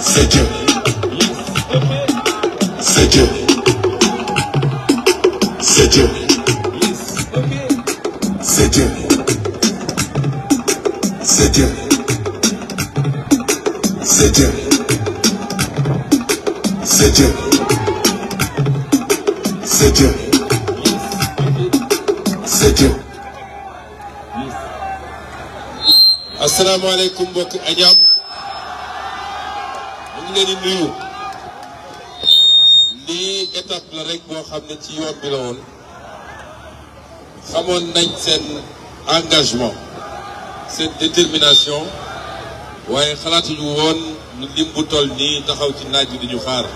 Sıcı Sıcı Sıcı Sıcı Sıcı Sıcı Sıcı Sıcı Sıcı Assalamu alaikum bok ayam. di leen di nuyu lii étape la rek boo xam ne ci yoon bi la woon xamoon nañ seen engagement cette détermination waaye xalaatuñu woon ñu lim bu ni nii taxaw ci naaj bi di xaar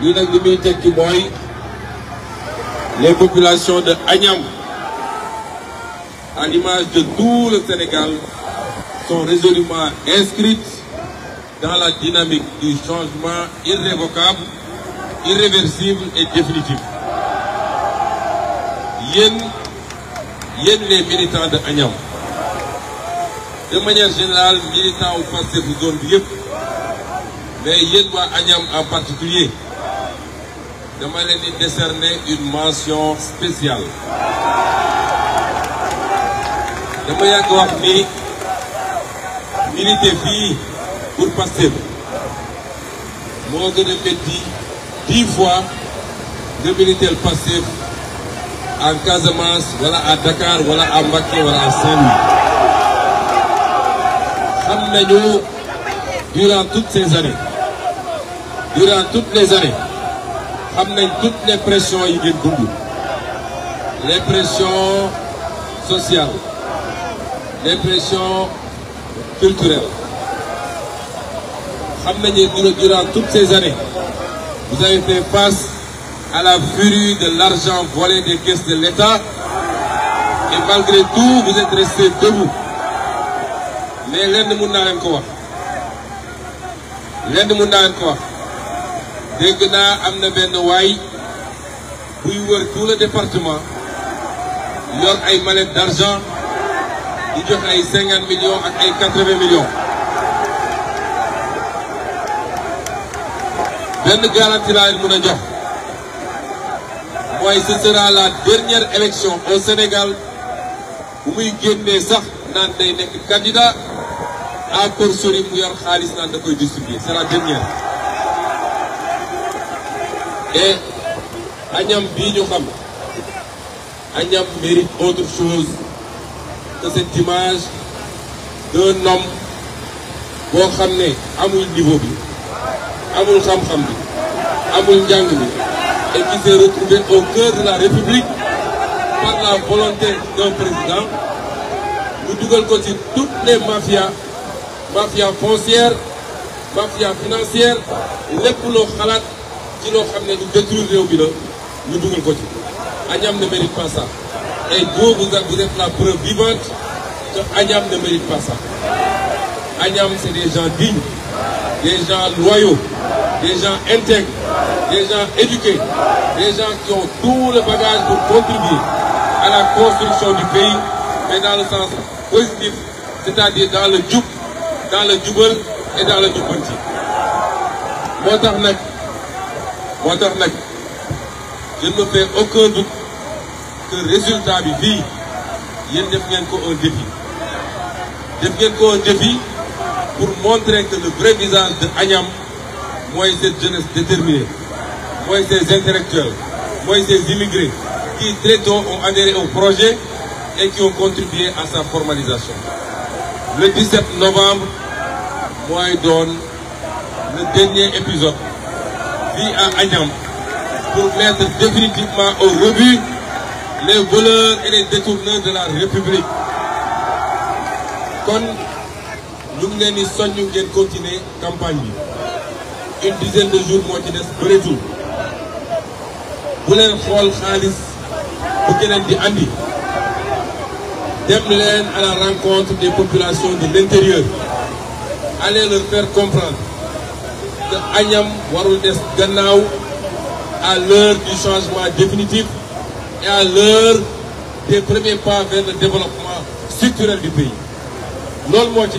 lii nag li muy tekki mooy les populations de Agnam à l'image de tout le Sénégal sont résolument inscrites dans la dynamique du changement irrévocable, irréversible et définitif. Yen, yen les militants de Agnam. De manière générale, militants ont passé pour zone mais yen Agnam en particulier. De manière de décerner une mention spéciale. De manière de militer filles, pour passer, Nous je répète dit dix fois militer le passif en Casamance voilà à Dakar voilà à Mbaké, voilà à Saint-Louis Nous durant toutes ces années durant toutes les années nous toutes les pressions yi les pressions sociales les pressions culturelles durant toutes ces années, vous avez fait face à la furie de l'argent volé des caisses de l'État et malgré tout, vous êtes resté debout. Mais l'un de vous n'a rien quoi. L'un de vous n'a rien quoi. que nous avons na tout le département eu une mallette d'argent di jox eu 50 millions et 80 millions ben garantie la il mën a jox mooy ce sera la dernière élection au Sénégal bu muy génnee sax naan day nek candidat à Kor Sori mu yor xaalis naan da koy distribuer c'est la dernière. et añam bi ñu xam añam mérite autre chose que cette image d'un homme bo xamné ne amul niveau bi amul xam-xam bi et qui s'est retrouvé au cœur de la République par la volonté d'un président nous devons ko ci toutes les mafias mafia foncière mafia financière les loo xalaat ci loo xam ne détruire réew bi nous ñu dugal ko ne mérite pas ça et vous vous êtes la preuve vivante que Agnam ne mérite pas ça Agnam c'est des gens dignes des gens loyaux, des gens intègres, des gens éduqués, des gens qui ont tout le bagage pour contribuer à la construction du pays, mais dans le sens positif, c'est-à-dire dans le dupe, dans le double et dans le tarnac, je ne me fais aucun doute que le résultat du vie, il ne devient qu'un défi Il défi pour montrer que le vrai visage de Agnam, moi, cette jeunesse déterminée, moi, ces intellectuels, moi, ces immigrés, qui très tôt ont adhéré au projet et qui ont contribué à sa formalisation. Le 17 novembre, moi, donne le dernier épisode vie à Agnam pour mettre définitivement au rebut les voleurs et les détourneurs de la République. Nous voulons leen di campagne une dizaine de jours moi ci des bëreetul Vous voulez xool xaalis à la rencontre des populations de l'intérieur allez leur faire comprendre que Agnam Warudes des à l'heure du changement définitif et à l'heure des premiers pas vers le développement structurel du pays L'autre moitié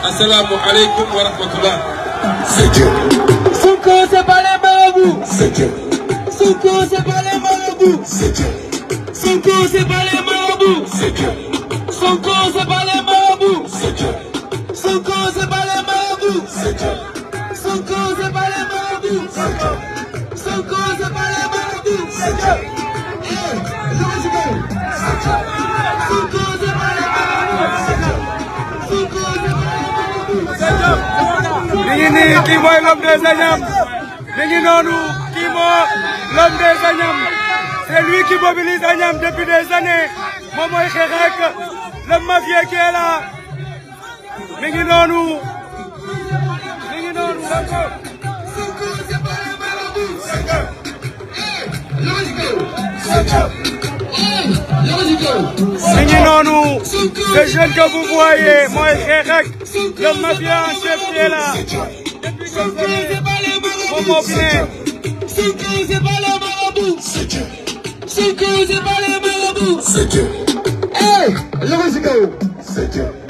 Assalamu alaikum wa rahmatullah. C'est Dieu. Sonko, c'est pas les marabouts. C'est Dieu. Sonko, c'est pas les marabouts. C'est Dieu. Sonko, c'est pas les marabouts. C'est Dieu. Sonko, c'est pas les marabouts. C'est Dieu. Sonko, c'est pas les marabouts. C'est Dieu. Sonko, c'est pas les marabouts. C'est Dieu. Sonko, c'est pas les marabouts. C'est Dieu. Eh, je vais jouer. C'est Dieu. mi ngi nii kii mooy l'homme de Sagnam mi ngi noonu kii moo l'homme de Sagnam c'est lui qui mobilise Sagnam depuis des années moom mooy xeex ak le mafieux qui est là mi ngi noonu mi ngi noonu mi ngi noonu Les jeunes que vous voyez, moi et ak le m'a en chef qui est là depuis quelques années c'est pas c'est pas pas les C'est